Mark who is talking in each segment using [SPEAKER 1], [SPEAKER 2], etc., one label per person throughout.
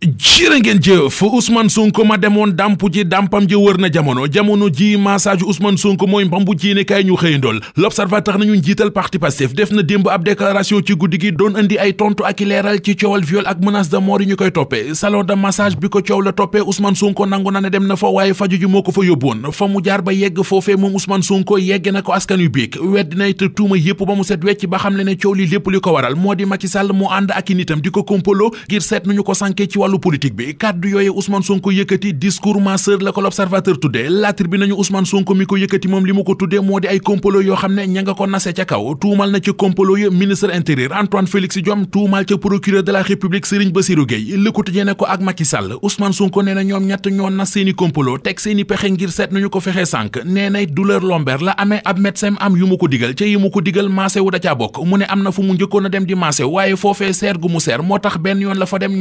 [SPEAKER 1] jërë ngeen jëf Ousmane Sonko ma demoon dampu ji dampam ji wër na jamono jamono ji massage Ousmane Sonko mooy mbambu ci ne kay ñu xëyandool l'observateur nañu njiital parti Pastef def na démb ab déclaration ci guddi gi doon andi ay tontu ak i leeral ci coowal viol ak menace de mort yi ñu koy toppee salon de massage bi ko coow la toppee Ousmane Sonko nangu na ne dem na fa waaye faju ji moo ko fa yóbbuwoon fa mu jaar ba yegg foofee moom Ousmane Sonko yegg na ko askan yu biig yëpp ba mu set wecc ba xam le ne lépp li ko waral moo di Macky Sall moo ànd ak i ko kompolo ngir seet nañu ko sànke ci wàllu politique bi kàddu yooyu Ousmane Sonko yëkkati discours masseur la ko l'observateur la tribune Usman Ousmane Sonko mi ko yëkkati moom li mu ko tuddee moo di ay complot yoo xam ña nga ko nase ca kaw tuumal na ci complot yi ya ministre intérieur Antoine Félix Diome tuumal ca procureur de la République Serigne Bassirou Gueye Le Quotidien ne ko ak Macky Sall Ousmane Sonko nee na ñoom ñoo nas seeni complot teg seeni pexe ngir ko douleur lombaire la amee ab médecin am yu mu ko digal ca yi mu ko digal maasé wu da caa bokk mu ne am fu mu njëkkoon dem di maasé waaye foofee seer mu seer moo tax yoon la fa dem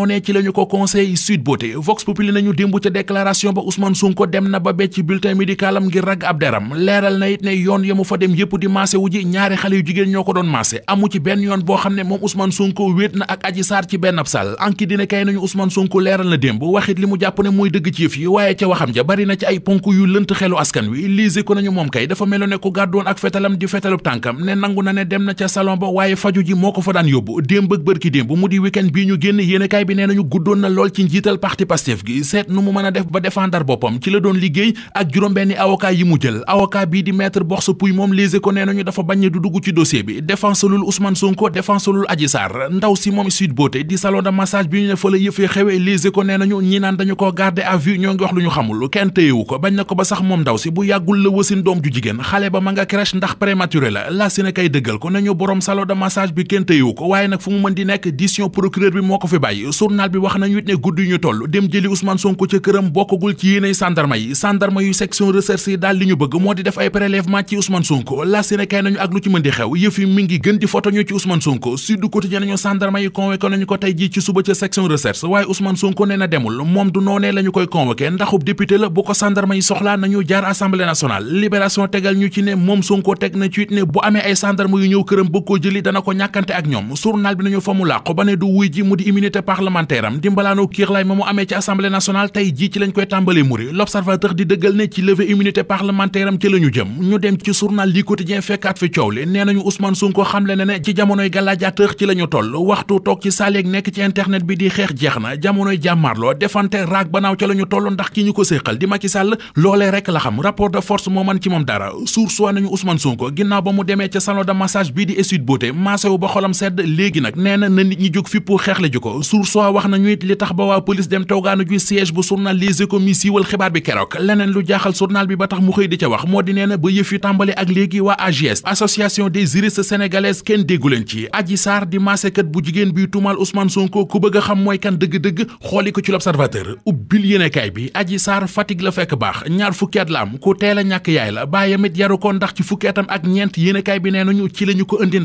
[SPEAKER 1] noonee ci lañu ko conseil sud beauté vox populi nañu démb ci déclaration ba Ousmane Sonko dem na ba becc bulletin médical am ngir rag abderam na it ne yoon yamu fa dem yépp di massé wuji ñaari xalé yu jigéen ñoko doon massé amu ci ben yoon bo xam mom Ousmane Sonko wéet na ak Adji sar ci ben absal anki dina kay nañu Ousmane Sonko leeral na démb waxit limu mu jàpp ne mooy dëgg ci yëf yi waaye ci waxam ja bari na ci ay ponku yu leunt xelu askan wi lisé ko nañu mom kay dafa melo ko ku ak fetalam di fetalub tankam ne nangu na ne dem na ci salon ba waaye faju ji moko fa daan yobbu dembeug barki dembu mudi weekend bi ñu génn yene kay bi nee nañu guddoon na lool ci njiital parti Pastef gi seet nu mu mën a def ba défendre boppam ci la doon liggéey ak juróom-benni avocat yi mu jël avocat bii di maître Bourse Pouye moom Les Échos nee nañu dafa bañ du dugg ci dossier bi défense lul Ousmane Sonko défense lul ndaw si moom Sweet Beauté di salon de massage bi ñu ne fa la yëfee xewee Les Échos nee nañu ñi dañu ko garder à ñoo ngi wax lu ñu xamul kenn téyewu ko bañ na ko ba sax moom ndaw si bu yàggul la wasin journal bi wax nañu ne guddi ñu toll dem jëli Ousmane Sonko ca këram bokkagul ci yéenay sandarma yi sandarma yu section recherche yi daal li ñu bëgg moo di def ay prélèvement ci Ousmane Sonko la seen kay nañu ak lu ci mi ngi gën di photo ñu ci Ousmane Sonko Sud Quotidien nañu sandarma yi convoqué nañu ko tey ji ci suba ca section recherche waaye Ousmane Sonko nee na demul moom du noonee la ñu koy convoqué ndaxub député la bu ko sandarma yi soxlaa nañu jaar assemblée nationale libération tegal ñu ci ne moom Sonko teg na ci ne bu amee ay sandarma yu ñëw këram bokkoo koo jëli dana ko ñàkkante ak ñoom journal bi nañu fa mu làqu ba parlementaire am dimbalaanoo kiirlaay ma mu amee ci assemblée nationale tey jii ci lañ koy tàmbale muri l'observateur di dëggal ne ci levée immunité parlementaire ci la jëm ñu dem ci journal li quotidien fekkaat fi coow li nee nañu Ousmane Sonko xamle ne ne ci jamonoy galaajateur ci la toll waxtu toog ci saaleeg nekk ci internet bi di xeex jeex na jamonoy jàmmaarloo defante raag banaaw ca la toll ndax ki ñu ko séqal di Macky Sall loolee rek la xam rapport de soit wax nañu it li tax ba waa police dem toogaanu ju siège bu journal Les Échos mi siiwal xibaar bi keroog leneen lu jaaxal journal bi ba tax mu xëy di ca wax moo di nee na ba yëf yu tàmbale ak léegi waa AGS association des juristes sénégalaises kenn déggu leen ci Adji Sarr di maasekat bu jigéen bi tuumal Ousmane Sonko ku bëgg xam mooy kan dëgg-dëgg xooli ko ci l'observateur ubbil yéenekaay bi Adji Sarr Fatick la fekk baax ñaar fukkeet la am ku teel a ñàkk yaay la baayam it yaru ko ci fukki ak ñeent yéenekaay bi nee nañu ci lañu ko indi